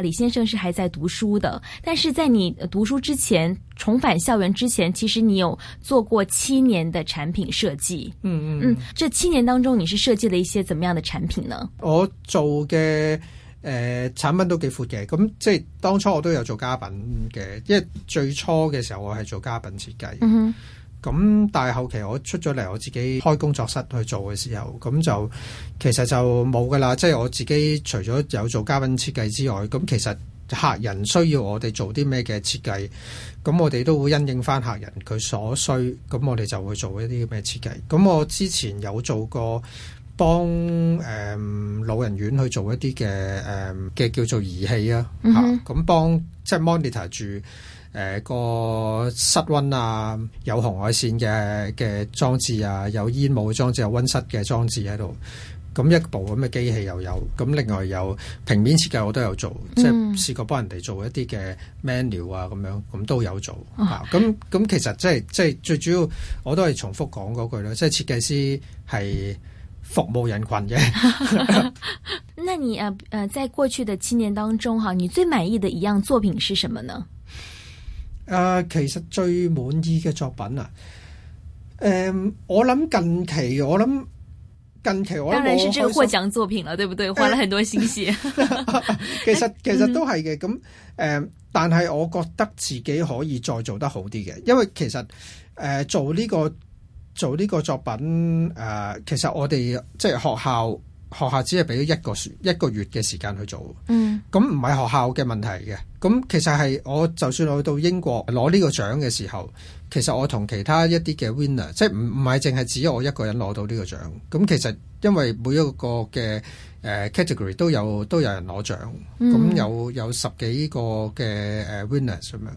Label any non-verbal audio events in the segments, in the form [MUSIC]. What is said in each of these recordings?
李先生是還在讀書的，但是在你讀書之前，重返校園之前，其實你有做過七年的產品設計。嗯嗯嗯，這七年當中，你是設計了一些怎麼樣的產品呢？我做嘅、呃、產品都幾闊嘅，咁、嗯、即係當初我都有做家品嘅，因為最初嘅時候我係做家品設計。嗯哼。咁但係後期我出咗嚟，我自己開工作室去做嘅時候，咁就其實就冇噶啦。即、就、係、是、我自己除咗有做嘉賓設計之外，咁其實客人需要我哋做啲咩嘅設計，咁我哋都會因應翻客人佢所需，咁我哋就會做一啲咩設計。咁我之前有做過幫誒、嗯、老人院去做一啲嘅誒嘅叫做儀器啊，咁、嗯哼啊、幫即係、就是、monitor 住。誒、呃，個室溫啊，有紅外線嘅嘅裝置啊，有煙霧裝置、有溫室嘅裝置喺度。咁一部咁嘅機器又有，咁另外有平面設計我都有做，嗯、即係試過幫人哋做一啲嘅 menu 啊，咁樣，咁都有做。咁咁、哦啊、其實即係即係最主要，我都係重複講嗰句啦，即係設計師係服務人群嘅。那你誒誒，在過去的七年當中，哈，你最滿意的一樣作品是什麼呢？啊，其實最滿意嘅作品啊，誒、嗯，我諗近期我諗近期我我當然是這個獲獎作品了，對不對？啊、花了很多心血。其實、哎、其實都係嘅，咁誒、嗯，但係我覺得自己可以再做得好啲嘅，因為其實誒、呃、做呢個做呢個作品誒、呃，其實我哋即係學校。學校只係俾一個一個月嘅時間去做，咁唔係學校嘅問題嘅。咁其實係我就算我去到英國攞呢個獎嘅時候，其實我同其他一啲嘅 winner，即係唔唔係淨係只我一個人攞到呢個獎。咁其實因為每一個嘅誒 category 都有都有人攞獎，咁、嗯、有有十幾個嘅 winner 咁樣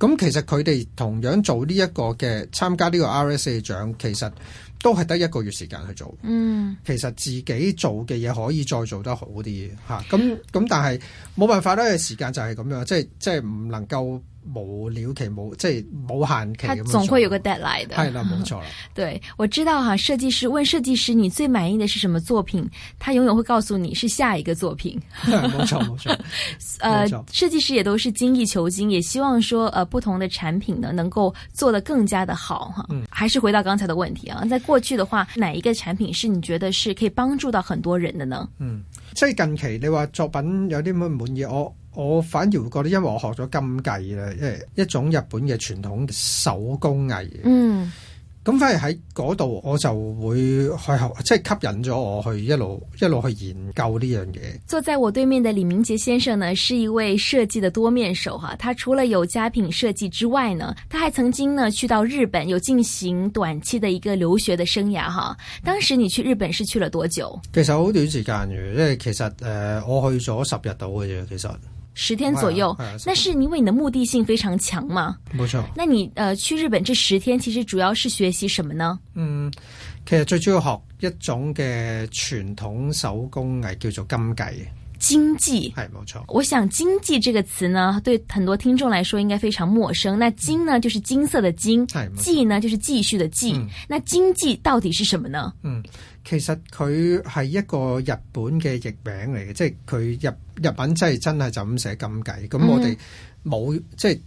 咁其實佢哋同樣做呢一個嘅參加呢個 RSA 獎，其實都係得一個月時間去做。嗯，其實自己做嘅嘢可以再做得好啲吓。咁咁但係冇辦法啦，時間就係咁樣，即係即係唔能夠。冇了期冇，即係冇限期咁。佢總會有個 deadline 的。係啦，冇錯啦。對，對我知道哈、啊，設計師問設計師，你最滿意的是什麼作品？他永遠會告訴你是下一個作品。冇錯， [LAUGHS] 冇錯。 [LAUGHS] 呃，設計師也都是精益求精，也希望說，呃，不同的產品呢，能夠做得更加的好哈。啊、嗯，還是回到剛才的問題啊，在過去的話，哪一個產品是你覺得是可以幫助到很多人的呢？嗯，所以近期你話作品有啲乜滿意我？我反而會覺得，因為我學咗金繼啦，即一種日本嘅傳統手工藝。嗯，咁反而喺嗰度，我就會去學，即係吸引咗我去一路一路去研究呢樣嘢。坐在我對面嘅李明杰先生呢，是一位設計的多面手哈。他除了有家品設計之外呢，他還曾經呢去到日本，有進行短期的一個留學的生涯哈。當時你去日本是去了多久？其實好短時間嘅，因為其實誒、呃，我去咗十日到嘅啫，其實。十天左右，那、哎哎、是因為你的目的性非常強嘛？沒錯。那你呃去日本這十天，其實主要是學習什麼呢？嗯，其實最主要學一種嘅傳統手工藝，叫做金繼。經濟，係，冇錯。我想經濟這個詞呢，對很多聽眾來說應該非常陌生。那金呢，就是金色的金，計呢，就是繼續的計。嗯、那經濟到底是什麼呢？嗯，其實佢係一個日本嘅譯名嚟嘅，即係佢日，日文真係真係就咁寫金計。咁我哋冇，嗯、即係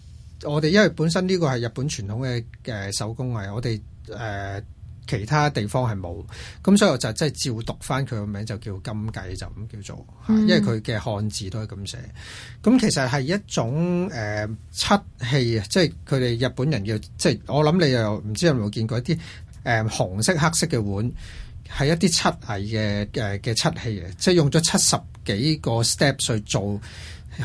我哋因為本身呢個係日本傳統嘅誒、呃、手工藝，我哋誒。呃其他地方係冇，咁所以我就真係照讀翻佢個名就叫金計，就咁叫做，嗯、因為佢嘅漢字都係咁寫。咁其實係一種誒、呃、漆器啊，即係佢哋日本人嘅，即係我諗你又唔知有冇見過一啲誒、呃、紅色黑色嘅碗，係一啲漆藝嘅嘅、呃、漆器啊，即、就、係、是、用咗七十幾個 step 去做。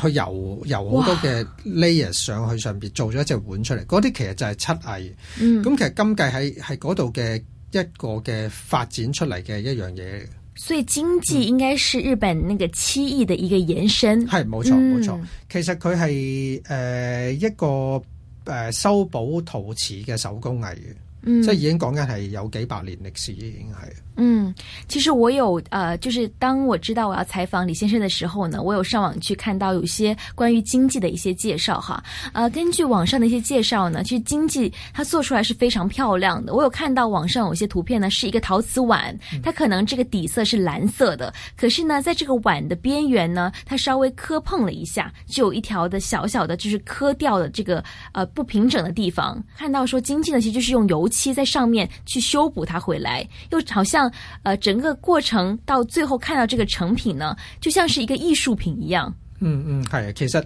去油油好多嘅 layers 上去上邊哇做咗一隻碗出嚟，嗰啲其實就係漆藝，嗯，咁其實金繼係係嗰度嘅一個嘅發展出嚟嘅一樣嘢。所以經濟應該是日本呢個漆藝嘅一個延伸。係冇錯冇錯。其實佢係誒一個誒、呃、修補陶瓷嘅手工藝。嘅。嗯、即已經講緊係有幾百年歷史，已經係。嗯，其實我有，呃，就是當我知道我要採訪李先生的時候呢，我有上網去看到有些關於經濟的一些介紹，哈，呃，根據網上的一些介紹呢，其實經濟它做出來是非常漂亮的。我有看到網上有些圖片呢，是一個陶瓷碗，它可能這個底色是藍色的，可是呢，在這個碗的邊緣呢，它稍微磕碰了一下，就有一條的小小的就是磕掉的這個，呃，不平整的地方。看到說經濟呢，其實就是用油漆。在上面去修補它回來，又好像、呃，整個過程到最後看到這個成品呢，就像是一個藝術品一樣。嗯嗯係啊，其實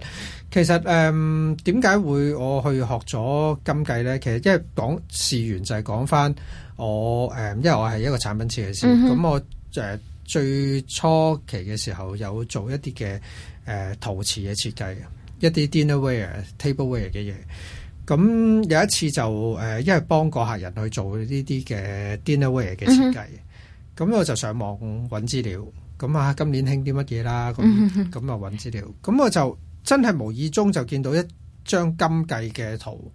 其實誒，點解會我去學咗金計呢？其實因為講事源就係講翻我誒、呃，因為我係一個產品設計師，咁、嗯、哼我誒、呃、最初期嘅時候有做一啲嘅、呃、陶瓷嘅設計，一啲 dinnerware table、tableware 嘅嘢。咁、嗯、有一次就誒，一、呃、係幫個客人去做呢啲嘅 dinnerware 嘅設計，咁、嗯哼嗯、我就上網揾資料，咁、嗯、啊今年興啲乜嘢啦，咁咁啊揾資料，咁我就真係無意中就見到一張金計嘅圖，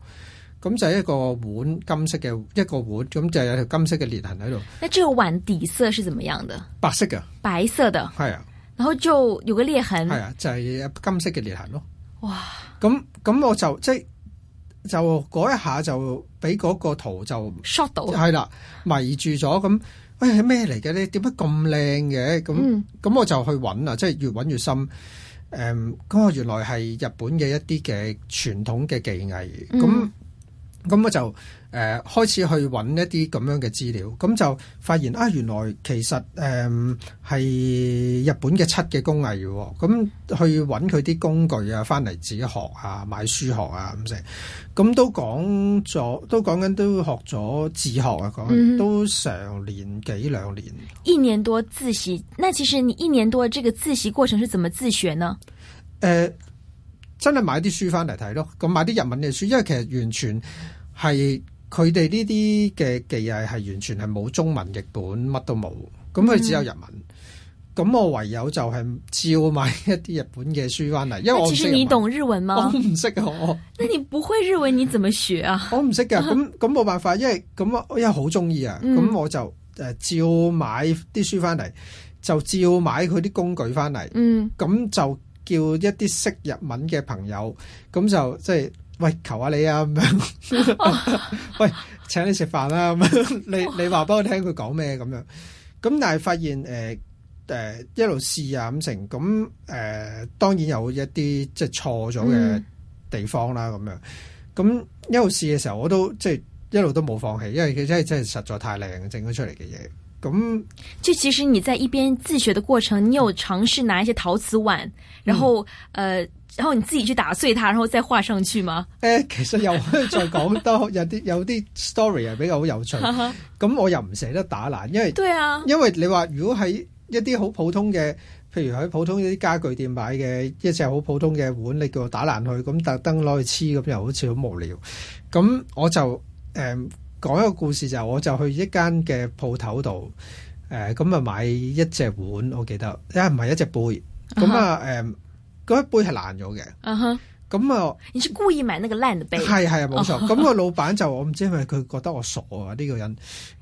咁、嗯、就一個碗金色嘅一個碗，咁、嗯、就有、是、條金色嘅裂痕喺度。呢這個碗底色係怎麼樣嘅？白色嘅，白色嘅？係啊，然後就有個裂痕，係啊，就係、是、金色嘅裂痕咯。哇！咁咁、嗯嗯嗯、我就即係。就嗰一下就俾嗰個圖就 shot 到，係啦，迷住咗咁，喂係咩嚟嘅咧？點解咁靚嘅咁咁？麼麼嗯、我就去揾啦，即係越揾越深。誒、嗯，嗰個原來係日本嘅一啲嘅傳統嘅技藝咁。咁我就誒、呃、開始去揾一啲咁樣嘅資料，咁就發現啊，原來其實誒係、嗯、日本嘅漆嘅工藝嘅，咁去揾佢啲工具啊，翻嚟自己學啊，買書學啊咁成，咁都講咗，都講緊都學咗自學啊，講、mm hmm. 都成年幾兩年，一年多自習，那其實你一年多這個自習過程是怎麼自學呢？誒、呃，真係買啲書翻嚟睇咯，咁買啲日文嘅書，因為其實完全。係佢哋呢啲嘅技藝係完全係冇中文譯本，乜都冇，咁佢只有日文。咁、嗯、我唯有就係照買一啲日本嘅書翻嚟，因為我其實你懂日文嗎？我唔識啊，我。你唔會日文，你怎麼學啊？我唔識噶，咁咁冇辦法，因為咁啊，因為我好中意啊，咁、嗯、我就誒照買啲書翻嚟，就照買佢啲工具翻嚟，嗯，咁就叫一啲識日文嘅朋友，咁就即係。就是喂，求下你啊咁樣，哦、喂，請你食飯啦咁樣，哦、你你話畀我聽佢講咩咁樣，咁但係發現誒誒、呃呃、一路試啊咁成，咁誒、呃、當然有一啲即係錯咗嘅地方啦咁、嗯、樣，咁、嗯、一路試嘅時候我都即係一路都冇放棄，因為佢真係真係實在太靚整咗出嚟嘅嘢。咁即係其實你在一邊自學嘅過程，你有嘗試拿一些陶瓷碗，然後誒。嗯呃然後你自己去打碎它，然後再畫上去嗎？誒、呃，其實又可以再講多 [LAUGHS] 有啲有啲 story 係比較好有趣。咁 [LAUGHS] 我又唔捨得打爛，因為對啊， [LAUGHS] 因為你話如果喺一啲好普通嘅，譬如喺普通啲家具店買嘅一隻好普通嘅碗，你叫我打爛佢，咁特登攞去黐，咁又好似好無聊。咁、嗯、我就誒、嗯、講一個故事，就係，就我就去一間嘅鋪頭度誒，咁、嗯、啊、嗯、買一隻碗，我記得一唔係一隻杯，咁啊誒。 [LAUGHS] 嗯嗯嗰一杯係爛咗嘅，咁啊，你係故意買呢個爛嘅杯？係係啊，冇錯。咁個老闆就我唔知，係咪佢覺得我傻啊呢個人？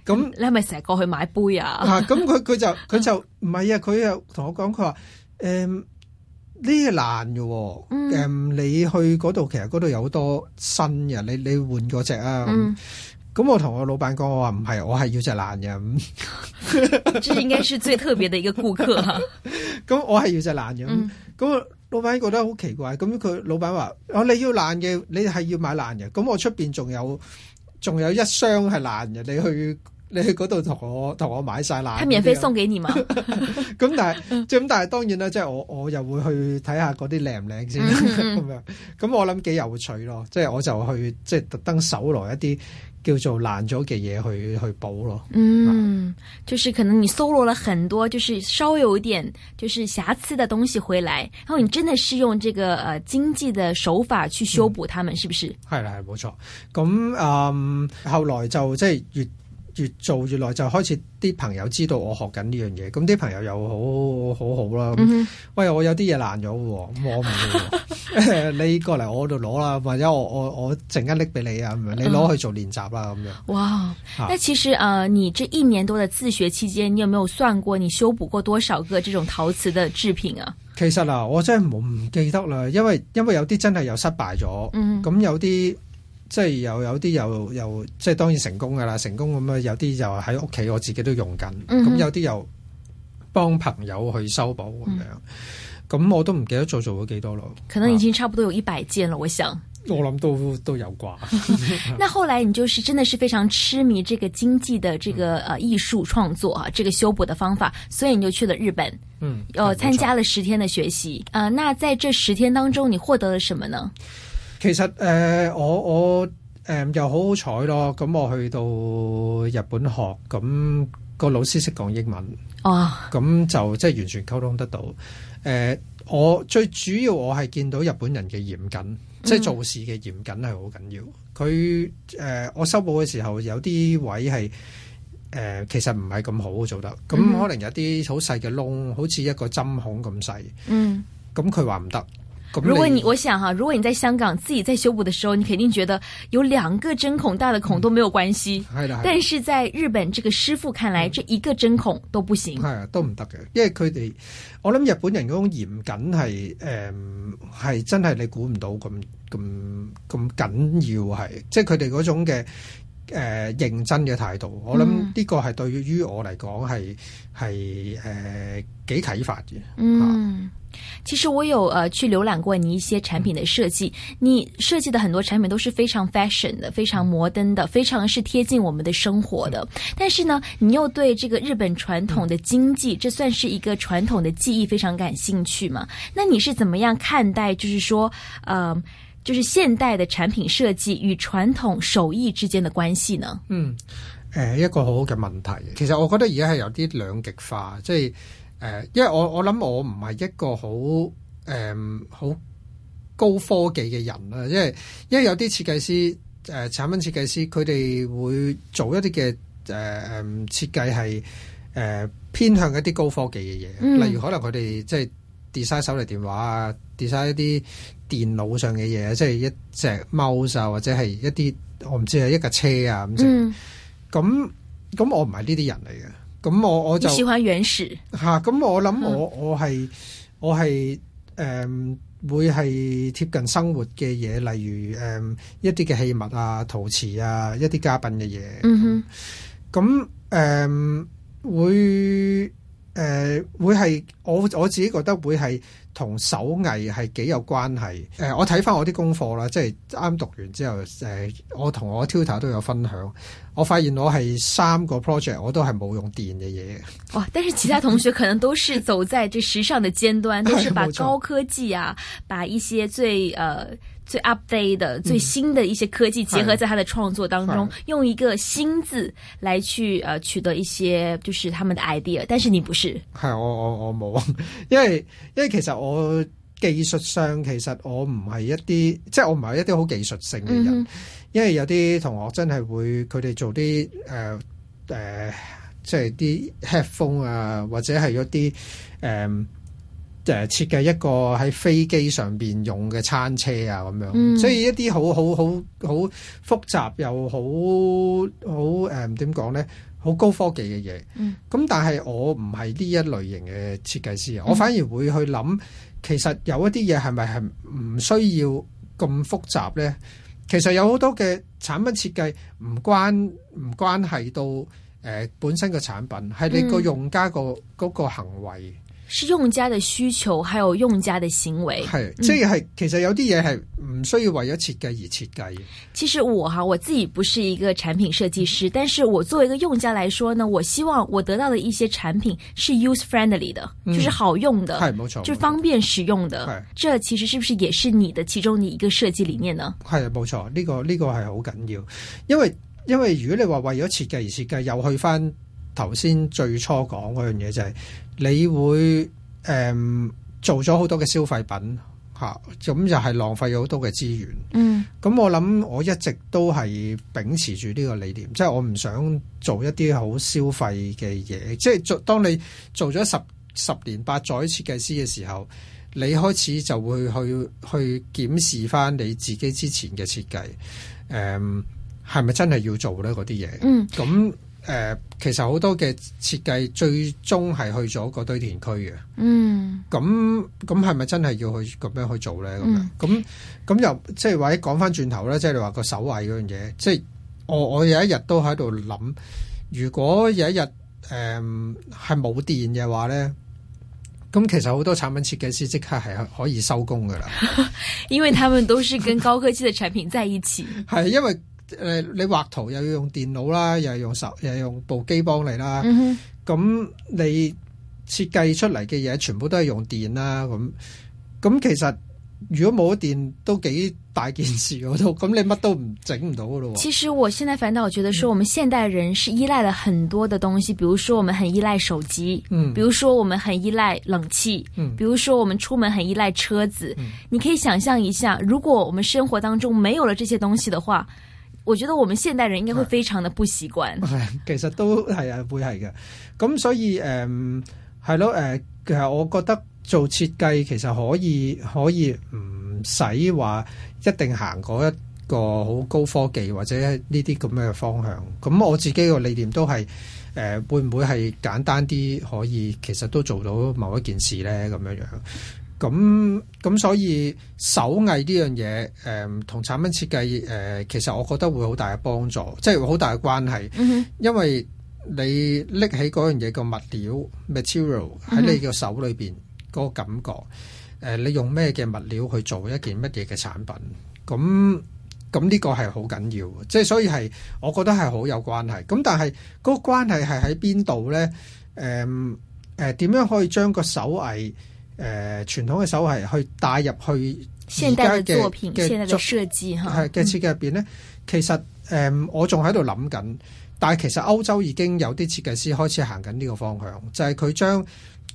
咁你係咪成日過去買杯啊？咁佢佢就佢就唔係啊，佢又同我講佢話誒呢個爛嘅，誒你去嗰度其實嗰度有好多新嘅，你你換嗰隻啊？咁我同我老闆講我話唔係，我係要隻爛嘅。即係應該係最特別嘅一個顧客。咁我係要隻爛嘅，咁。老闆覺得好奇怪，咁佢老闆話：“哦，你要爛嘅，你係要買爛嘅。”咁我出邊仲有，仲有一箱係爛嘅，你去。你去嗰度同我同我買晒爛，佢免費送畀你嘛？咁但係即係咁，但係 [LAUGHS] 當然啦，即、就、係、是、我我又會去睇下嗰啲靚唔靚先咁樣。咁我諗幾有趣咯，即、就、係、是、我就去即係、就是、特登搜羅一啲叫做爛咗嘅嘢去去補咯。嗯，就是可能你搜羅了很多，就是稍微有一點就是瑕疵的東西回來，然後你真的是用這個誒、呃、經濟的手法去修補他們，嗯、是不是？係啦，係冇錯。咁誒、嗯，後來就即係越。越做越耐就開始啲朋友知道我學緊呢樣嘢，咁啲朋友又好好好啦。嗯、哼喂，我有啲嘢爛咗喎，我唔， [LAUGHS] [LAUGHS] 你過嚟我度攞啦，或者我我我陣間拎俾你啊，咁樣你攞去做練習啦咁、嗯、樣。哇！但、啊、其實啊、呃，你這一年多的自學期間，你有沒有算過你修補過多少個這種陶瓷的製品啊？其實啊，我真係冇唔記得啦，因為因為有啲真係又失敗咗，咁、嗯、哼有啲。即係有有啲又又即係當然成功噶啦，成功咁樣有啲又喺屋企，我自己都用緊。咁、嗯、哼有啲又幫朋友去修補咁樣。咁、嗯、我都唔記得做做咗幾多咯。可能已經差唔多有一百件啦，啊、我想。我諗都、嗯、都有啩。 [LAUGHS] [LAUGHS] 那後來你就是真的是非常痴迷這個經濟的這個呃藝術創作啊，嗯、這個修補的方法，所以你就去了日本。嗯，參、呃、錯加了十天的學習、呃。那在這十天當中，你獲得了什麼呢？其實誒、呃，我我誒又好好彩咯。咁、呃、我去到日本學，咁、那個老師識講英文，哦，咁就即係完全溝通得到。誒、呃，我最主要我係見到日本人嘅嚴謹，即、就、係、是、做事嘅嚴謹係好緊要。佢誒、mm. 呃，我修補嘅時候有啲位係誒、呃，其實唔係咁好做得好。咁可能有啲、mm. 好細嘅窿，好似一個針孔咁細。嗯、mm.，咁佢話唔得。如果你，你我想哈，如果你在香港自己在修補的時候，你肯定覺得有兩個針孔大的孔都沒有關係。嗯、係的。但是在日本，這個師傅看來，嗯、這一個針孔都不行。係啊，都唔得嘅，因為佢哋，我諗日本人嗰種嚴謹係，誒、呃，係真係你估唔到咁咁咁緊要係，即係佢哋嗰種嘅誒、呃、認真嘅態度。我諗呢個係對於於我嚟講係係誒幾啟發嘅。嗯。啊其實我有呃去瀏覽過你一些產品的設計，嗯、你設計的很多產品都是非常 fashion 的，非常摩登的，非常是貼近我們的生活的。嗯、但是呢，你又對這個日本傳統的經濟，嗯、這算是一個傳統的技藝，非常感興趣嘛？那你是怎麼樣看待，就是說，嗯、呃，就是現代的產品設計與傳統手藝之間的關係呢？嗯，誒、呃，一個好好嘅問題，其實我覺得而家係有啲兩極化，即係。誒、嗯，因為我我諗我唔係一個好誒好高科技嘅人啦，因為因為有啲設計師誒產品設計師，佢哋會做一啲嘅誒誒設計係誒偏向一啲高科技嘅嘢，例如可能佢哋即係 design 手提電話啊，design 一啲電腦上嘅嘢，即、就、係、是、一隻 mouse 啊，或者係一啲我唔知係一架車啊咁。咁咁、嗯，我唔係呢啲人嚟嘅。咁我我就喜歡原始吓，咁、啊、我諗我我係我係誒、嗯，會係貼近生活嘅嘢，例如誒、嗯、一啲嘅器物啊、陶瓷啊、一啲家品嘅嘢。嗯哼，咁誒、嗯、會誒、呃、會係我我自己覺得會係。同手藝係幾有關係？誒、呃，我睇翻我啲功課啦，即係啱讀完之後，誒、呃，我同我 tutor 都有分享，我發現我係三個 project 我都係冇用電嘅嘢。哇、哦！但是其他同學可能都是走在這時尚的尖端， [LAUGHS] 都是把高科技啊，把一些最誒、呃、最 update、嗯、最新的一些科技結合在他的創作當中，用一個新字來去、呃、取得一些就是他們的 idea。但是你不是，係我我我冇，因為因為其實我。我技術上其實我唔係一啲，即係我唔係一啲好技術性嘅人，嗯、因為有啲同學真係會佢哋做啲誒誒，即係啲 headphone 啊，或者係一啲誒誒設計一個喺飛機上面用嘅餐車啊咁樣，嗯、所以一啲好好好好複雜又好好誒點講咧？好高科技嘅嘢，咁、嗯、但係我唔係呢一類型嘅設計師，嗯、我反而會去諗，其實有一啲嘢係咪係唔需要咁複雜咧？其實有好多嘅產品設計唔關唔關係到誒、呃、本身嘅產品，係你個用家個嗰、嗯、個行為。是用家的需求，還有用家的行為，係是、嗯、即係其實有啲嘢係唔需要為咗設計而設計。其實我哈我自己不是一個產品設計師，嗯、但是我作為一個用家來說呢，我希望我得到的一些產品是 use friendly 的，就是好用的，嗯、是就方便使用的。錯這其實是不是也是你的其中的一個設計理念呢？係冇錯，呢、這個呢、這個係好緊要，因為因為如果你話為咗設計而設計，又去翻。頭先最初講嗰樣嘢就係你會誒、嗯、做咗好多嘅消費品嚇，咁又係浪費咗好多嘅資源。嗯，咁我諗我一直都係秉持住呢個理念，即係我唔想做一啲好消費嘅嘢。即係做當你做咗十十年八載設計師嘅時候，你開始就會去去檢視返你自己之前嘅設計誒，係咪真係要做呢嗰啲嘢？嗯，咁。誒、呃，其實好多嘅設計最終係去咗個堆填區嘅。嗯，咁咁係咪真係要去咁樣去做咧？咁咁咁又即係或者講翻轉頭咧，即係你話個首位嗰樣嘢，即係我我有一日都喺度諗，如果有一日誒係冇電嘅話咧，咁其實好多產品設計師即刻係可以收工噶啦。 [LAUGHS] 因為他們都是跟高科技的產品在一起。係 [LAUGHS] 因為。誒，你畫圖又要用電腦啦，又係用手，又用部機幫你啦。咁、嗯哼嗯、你設計出嚟嘅嘢，全部都係用電啦。咁、嗯、咁、嗯、其實如果冇咗電，都幾大件事我都。咁你乜都唔整唔到噶咯。其實我現在反倒我覺得，說我們現代人是依賴了很多的東西，嗯、比如說我們很依賴手機，嗯、比如說我們很依賴冷氣，嗯、比如說我們出門很依賴車子。嗯、你可以想象一下，如果我們生活當中沒有了這些東西的話。我覺得我們現代人應該會非常的不習慣。其實都係啊，會係嘅。咁所以誒，係、嗯、咯，誒、呃，其實我覺得做設計其實可以可以唔使話一定行過一個好高科技或者呢啲咁樣嘅方向。咁我自己個理念都係，誒、呃，會唔會係簡單啲可以，其實都做到某一件事呢？咁樣樣。咁咁所以手藝呢樣嘢，同、呃、產品設計、呃，其實我覺得會好大嘅幫助，即係好大嘅關係。Mm hmm. 因為你拎起嗰樣嘢嘅物料 material 喺你嘅手裏邊嗰個感覺，mm hmm. 呃、你用咩嘅物料去做一件乜嘢嘅產品，咁咁呢個係好緊要，即係所以係我覺得係好有關係。咁但係嗰個關係係喺邊度呢？誒誒點樣可以將個手藝？誒、呃，傳統嘅手藝去帶入去現代嘅嘅的設計入邊呢，其實、嗯、我仲喺度諗緊。但係其實歐洲已經有啲設計師開始行緊呢個方向，就係佢將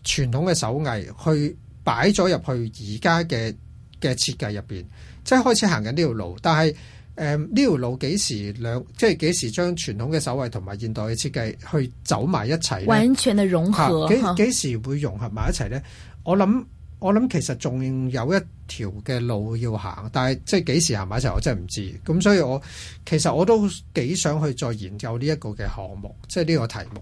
傳統嘅手藝去擺咗入去而家嘅嘅設計入邊，即、就、係、是、開始行緊呢條路。但係誒，呢、嗯、條、這個、路幾時兩即係幾時將傳統嘅手藝同埋現代嘅設計去走埋一齊，完全嘅融合？幾時、啊、時會融合埋一齊呢？我諗我諗，其實仲有一條嘅路要行，但係即係幾時行埋一齊我真係唔知，咁所以我其實我都幾想去再研究呢一個嘅項目，即係呢個題目。